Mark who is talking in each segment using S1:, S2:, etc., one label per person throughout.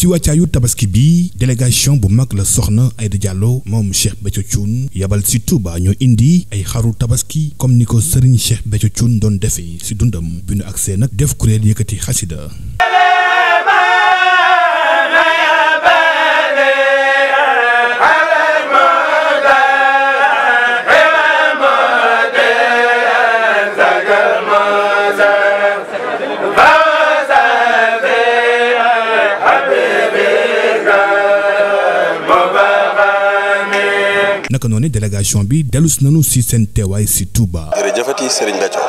S1: ci wàccaayu tabaski bi délégation bu mag la soxna Aïda Diallo moom Cheikh Béthio Thioune yabal ci Touba ñoo indi ay xaru tabaski comme ni ko Serigne Cheikh Béthio Thioune doon defee ci dundam bi nu agsee nag def kureel yëkkati xasida naka noonu délégation bi delus nañu si seen teewaay si Touba.
S2: jërëjëfati Serigne Béthio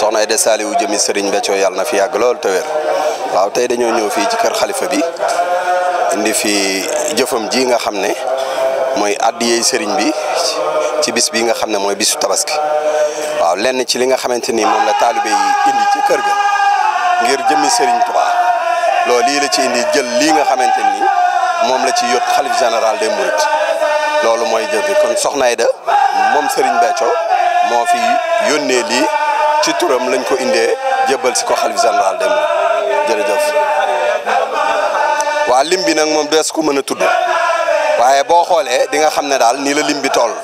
S2: soxna Aïda Saliou jëmi Serigne Béthio yàlla na fi yàgg lool te waaw tey dañoo ñëw fii ci kër xalifa bi indi fi jëfam ji nga xam ne mooy àddiyey sëriñ bi ci bis bi nga xam ne mooy bisu tabaski waaw lenn ci li nga xamante ni moom la taalibe yi indi ci kër ga ngir jëmmi sëriñ Touba loolu lii la ci indi jël lii nga xamante nii moom la ci yót xalif général dem mourides loolu mooy jëf bi kon Soxna Aida moom sëriñ Béthio moo fi yónnee lii ci turam lañ ko indee jébbal si ko xalif général des mourides jërëjëf waa lim bi nag moom dees ko mën a tudd waaye boo xoolee di nga xam ne daal nii la lim bi toll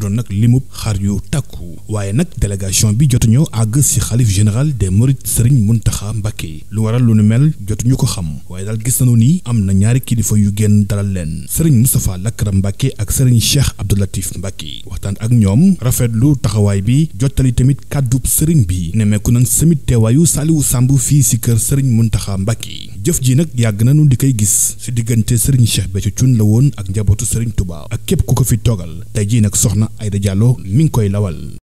S1: doon nag limub xar yu takku waaye nag délégation bi jotuñoo àgg si xalif général des mourides Serigne Mountakha Mbacké lu waral lu nu mel jotuñu ko xam waaye daal gis nañu ni am na ñaari kilifa yu génn dalal leen Serigne Moustapha Lakram Mbacké ak Serigne Cheikh Abdoulatif Mbacké waxtaan ak ñoom rafetlu taxawaay bi jottali tamit kàddu Serigne bi nemeeku nañ samit teewaayu Saliou Samb fii si kër Serigne Mountakha Mbacké jëf ji nag yàgg na nun di koy gis si diggante Serigne Cheikh Béthio Thioune la woon ak njabootu Serigne Touba ak képp ku ko fi toogal tey jii nag soxna ay Diallo mi ngi koy lawal